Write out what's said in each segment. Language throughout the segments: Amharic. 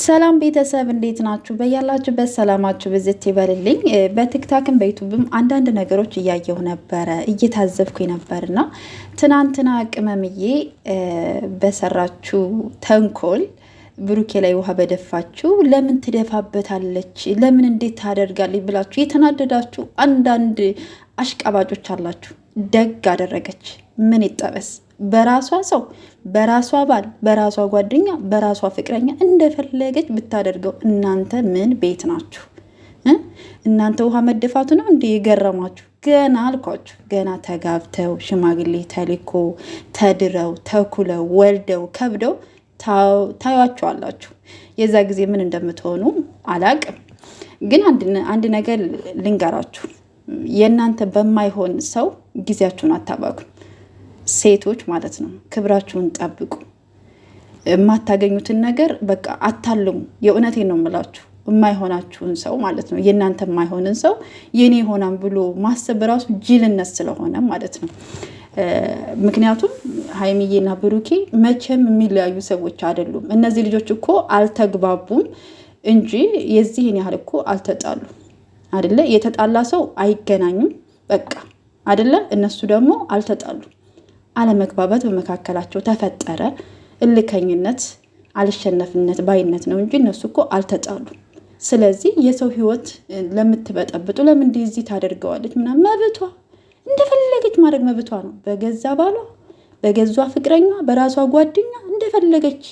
ሰላም ቤተሰብ እንዴት ናችሁ? በያላችሁበት ሰላማችሁ ብዝት ይበልልኝ። በቲክታክም በዩቱብም አንዳንድ ነገሮች እያየሁ ነበረ እየታዘብኩ ነበርና ትናንትና ቅመምዬ በሰራችው ተንኮል ብሩኬ ላይ ውሃ በደፋችሁ ለምን ትደፋበታለች? ለምን እንዴት ታደርጋለች? ብላችሁ የተናደዳችሁ አንዳንድ አሽቃባጮች አላችሁ። ደግ አደረገች። ምን ይጠበስ በራሷ ሰው፣ በራሷ ባል፣ በራሷ ጓደኛ፣ በራሷ ፍቅረኛ እንደፈለገች ብታደርገው እናንተ ምን ቤት ናችሁ? እናንተ ውሃ መደፋቱ ነው እንዴ የገረማችሁ? ገና አልኳችሁ፣ ገና ተጋብተው ሽማግሌ ተልኮ ተድረው ተኩለው ወልደው ከብደው ታያችኋላችሁ። የዛ ጊዜ ምን እንደምትሆኑ አላቅም። ግን አንድ ነገር ልንገራችሁ፣ የእናንተ በማይሆን ሰው ጊዜያችሁን አታባክኑ። ሴቶች ማለት ነው፣ ክብራችሁን ጠብቁ። የማታገኙትን ነገር በቃ አታልሙ። የእውነቴን ነው የምላችሁ። የማይሆናችሁን ሰው ማለት ነው የእናንተ የማይሆንን ሰው የኔ ይሆናል ብሎ ማሰብ ራሱ ጅልነት ስለሆነ ማለት ነው። ምክንያቱም ሀይሚዬና ብሩኬ መቼም የሚለያዩ ሰዎች አይደሉም። እነዚህ ልጆች እኮ አልተግባቡም እንጂ የዚህን ያህል እኮ አልተጣሉ አደለ። የተጣላ ሰው አይገናኙም በቃ አደለ። እነሱ ደግሞ አልተጣሉ አለመግባባት በመካከላቸው ተፈጠረ። እልከኝነት፣ አልሸነፍነት ባይነት ነው እንጂ እነሱ እኮ አልተጣሉ ስለዚህ የሰው ህይወት ለምትበጠብጡ ለምን እንደዚህ ታደርገዋለች ምናምን መብቷ፣ እንደፈለገች ማድረግ መብቷ ነው። በገዛ ባሏ፣ በገዛ ፍቅረኛ፣ በራሷ ጓደኛ እንደፈለገች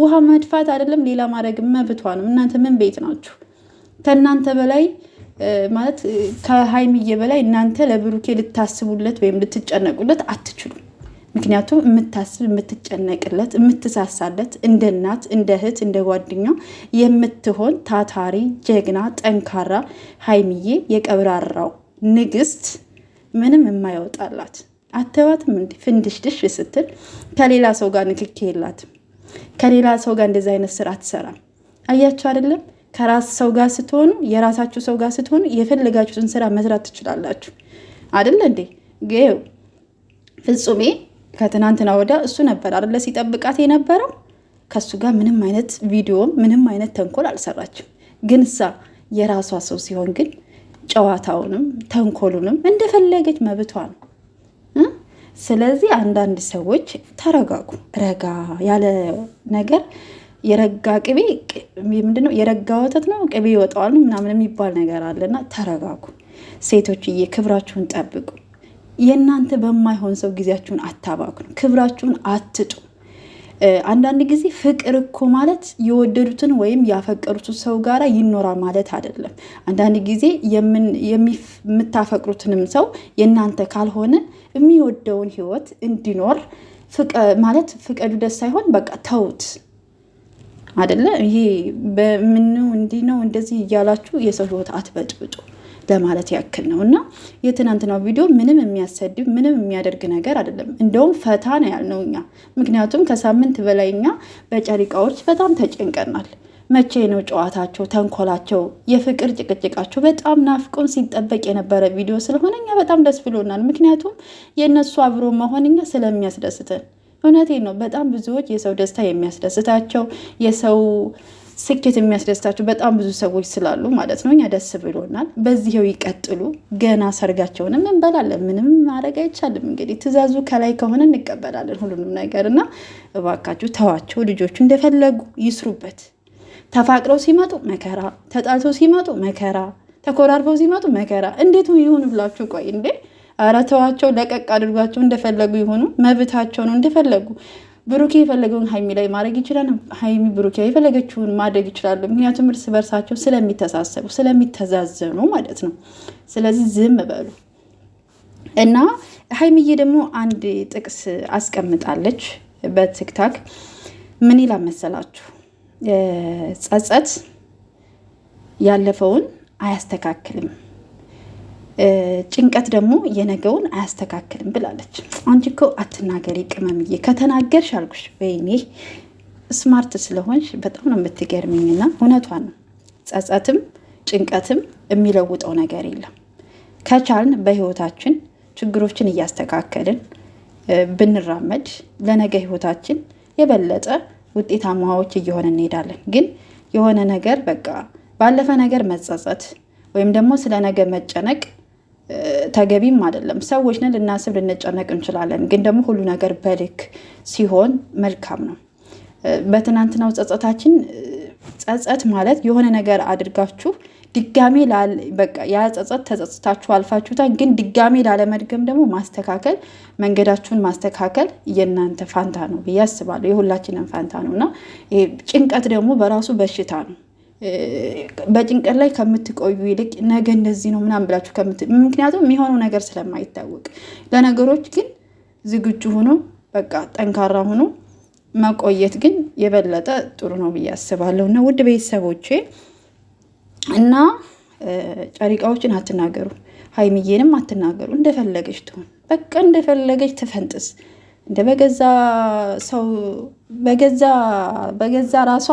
ውሃ መድፋት አይደለም ሌላ ማድረግ መብቷ ነው። እናንተ ምን ቤት ናችሁ? ከእናንተ በላይ ማለት ከሀይምዬ በላይ እናንተ ለብሩኬ ልታስቡለት ወይም ልትጨነቁለት አትችሉም። ምክንያቱም የምታስብ የምትጨነቅለት፣ የምትሳሳለት እንደ እናት፣ እንደ እህት፣ እንደ ጓደኛ የምትሆን ታታሪ፣ ጀግና፣ ጠንካራ ሀይሚዬ የቀብራራው ንግስት ምንም የማይወጣላት አተባትም እንዲ ፍንድሽድሽ ስትል ከሌላ ሰው ጋር ንክክ የላትም። ከሌላ ሰው ጋር እንደዚ አይነት ስራ አትሰራም። አያችሁ አይደለም? ከራስ ሰው ጋር ስትሆኑ፣ የራሳችሁ ሰው ጋር ስትሆኑ የፈለጋችሁትን ስራ መስራት ትችላላችሁ። አይደለ እንዴ? ፍጹሜ ከትናንትና ወዲያ እሱ ነበር አይደለ ሲጠብቃት የነበረው። ከእሱ ጋር ምንም አይነት ቪዲዮም ምንም አይነት ተንኮል አልሰራችም። ግን እሳ የራሷ ሰው ሲሆን ግን ጨዋታውንም ተንኮሉንም እንደፈለገች መብቷ ነው። ስለዚህ አንዳንድ ሰዎች ተረጋጉ። ረጋ ያለ ነገር የረጋ ቅቤ ምንድነው? የረጋ ወተት ነው ቅቤ ይወጣዋል ምናምን የሚባል ነገር አለና ተረጋጉ ሴቶችዬ፣ ክብራችሁን ጠብቁ። የእናንተ በማይሆን ሰው ጊዜያችሁን አታባክኑ፣ ክብራችሁን አትጡ። አንዳንድ ጊዜ ፍቅር እኮ ማለት የወደዱትን ወይም ያፈቀሩትን ሰው ጋራ ይኖራል ማለት አይደለም። አንዳንድ ጊዜ የምታፈቅሩትንም ሰው የእናንተ ካልሆነ የሚወደውን ህይወት እንዲኖር ማለት ፍቀዱ፣ ደስ ሳይሆን በቃ ተውት አይደለ? ይሄ በምን እንዲህ ነው እንደዚህ እያላችሁ የሰው ህይወት አትበጥብጡ። ለማለት ያክል ነው እና የትናንትናው ቪዲዮ ምንም የሚያሰድብ ምንም የሚያደርግ ነገር አይደለም። እንደውም ፈታ ነው ያልነው እኛ። ምክንያቱም ከሳምንት በላይ እኛ በጨሪቃዎች በጣም ተጨንቀናል። መቼ ነው ጨዋታቸው፣ ተንኮላቸው፣ የፍቅር ጭቅጭቃቸው በጣም ናፍቆን ሲጠበቅ የነበረ ቪዲዮ ስለሆነ እኛ በጣም ደስ ብሎናል። ምክንያቱም የእነሱ አብሮ መሆን እኛ ስለሚያስደስትን። እውነቴ ነው። በጣም ብዙዎች የሰው ደስታ የሚያስደስታቸው የሰው ስኬት የሚያስደስታቸው በጣም ብዙ ሰዎች ስላሉ ማለት ነው። እኛ ደስ ብሎናል። በዚህው ይቀጥሉ። ገና ሰርጋቸውንም እንበላለን። ምንም ማድረግ አይቻልም። እንግዲህ ትዕዛዙ ከላይ ከሆነ እንቀበላለን ሁሉንም ነገር እና እባካችሁ ተዋቸው። ልጆቹ እንደፈለጉ ይስሩበት። ተፋቅረው ሲመጡ መከራ፣ ተጣልተው ሲመጡ መከራ፣ ተኮራርፈው ሲመጡ መከራ። እንዴት ይሁን ብላችሁ ቆይ እንዴ! ኧረ ተዋቸው፣ ለቀቅ አድርጓቸው። እንደፈለጉ ይሆኑ፣ መብታቸው ነው እንደፈለጉ ብሩኬ የፈለገውን ሀይሚ ላይ ማድረግ ይችላል። ሀይሚ ብሩኬ የፈለገችውን ማድረግ ይችላሉ። ምክንያቱም እርስ በርሳቸው ስለሚተሳሰቡ ስለሚተዛዘኑ ማለት ነው። ስለዚህ ዝም በሉ እና ሀይሚዬ ደግሞ አንድ ጥቅስ አስቀምጣለች በቲክታክ ምን ይላል መሰላችሁ? ጸጸት ያለፈውን አያስተካክልም ጭንቀት ደግሞ የነገውን አያስተካክልም ብላለች። አንቺ እኮ አትናገሪ ቅመምዬ፣ ከተናገርሽ አልኩሽ። ወይኔ ስማርት ስለሆንሽ በጣም ነው የምትገርምኝና እውነቷ ነው። ጸጸትም ጭንቀትም የሚለውጠው ነገር የለም። ከቻልን በህይወታችን ችግሮችን እያስተካከልን ብንራመድ ለነገ ህይወታችን የበለጠ ውጤታማዎች እየሆነ እንሄዳለን። ግን የሆነ ነገር በቃ ባለፈ ነገር መጸጸት ወይም ደግሞ ስለ ነገ መጨነቅ ተገቢም አይደለም። ሰዎች ነን፣ ልናስብ ልንጨነቅ እንችላለን። ግን ደግሞ ሁሉ ነገር በልክ ሲሆን መልካም ነው። በትናንትናው ጸጸታችን ጸጸት ማለት የሆነ ነገር አድርጋችሁ ድጋሜ ያ ጸጸት ተጸጽታችሁ አልፋችሁታል። ግን ድጋሜ ላለመድገም ደግሞ ማስተካከል መንገዳችሁን ማስተካከል የእናንተ ፋንታ ነው ብዬ አስባለሁ። የሁላችንም ፋንታ ነው እና ጭንቀት ደግሞ በራሱ በሽታ ነው። በጭንቀት ላይ ከምትቆዩ ይልቅ ነገ እንደዚህ ነው ምናምን ብላችሁ ከምት ምክንያቱም የሚሆነው ነገር ስለማይታወቅ ለነገሮች ግን ዝግጁ ሆኖ በቃ ጠንካራ ሆኖ መቆየት ግን የበለጠ ጥሩ ነው ብዬ አስባለሁ። እና ውድ ቤተሰቦቼ እና ጨሪቃዎችን አትናገሩ፣ ሀይሚዬንም አትናገሩ። እንደፈለገች ትሆን በቃ እንደፈለገች ትፈንጥስ እንደ በገዛ ሰው በገዛ በገዛ ራሷ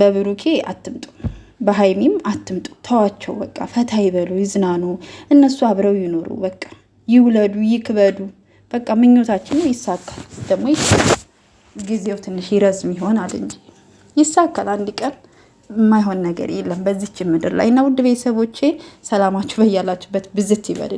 በብሩኬ አትምጡ፣ በሀይሚም አትምጡ። ተዋቸው በቃ ፈታ ይበሉ፣ ይዝናኑ፣ እነሱ አብረው ይኖሩ። በቃ ይውለዱ፣ ይክበዱ። በቃ ምኞታችን ይሳካል። ደግሞ ጊዜው ትንሽ ይረዝም ይሆናል እንጂ ይሳካል። አንድ ቀን የማይሆን ነገር የለም በዚች ምድር ላይ እና ውድ ቤተሰቦቼ ሰላማችሁ በያላችሁበት ብዝት ይበል።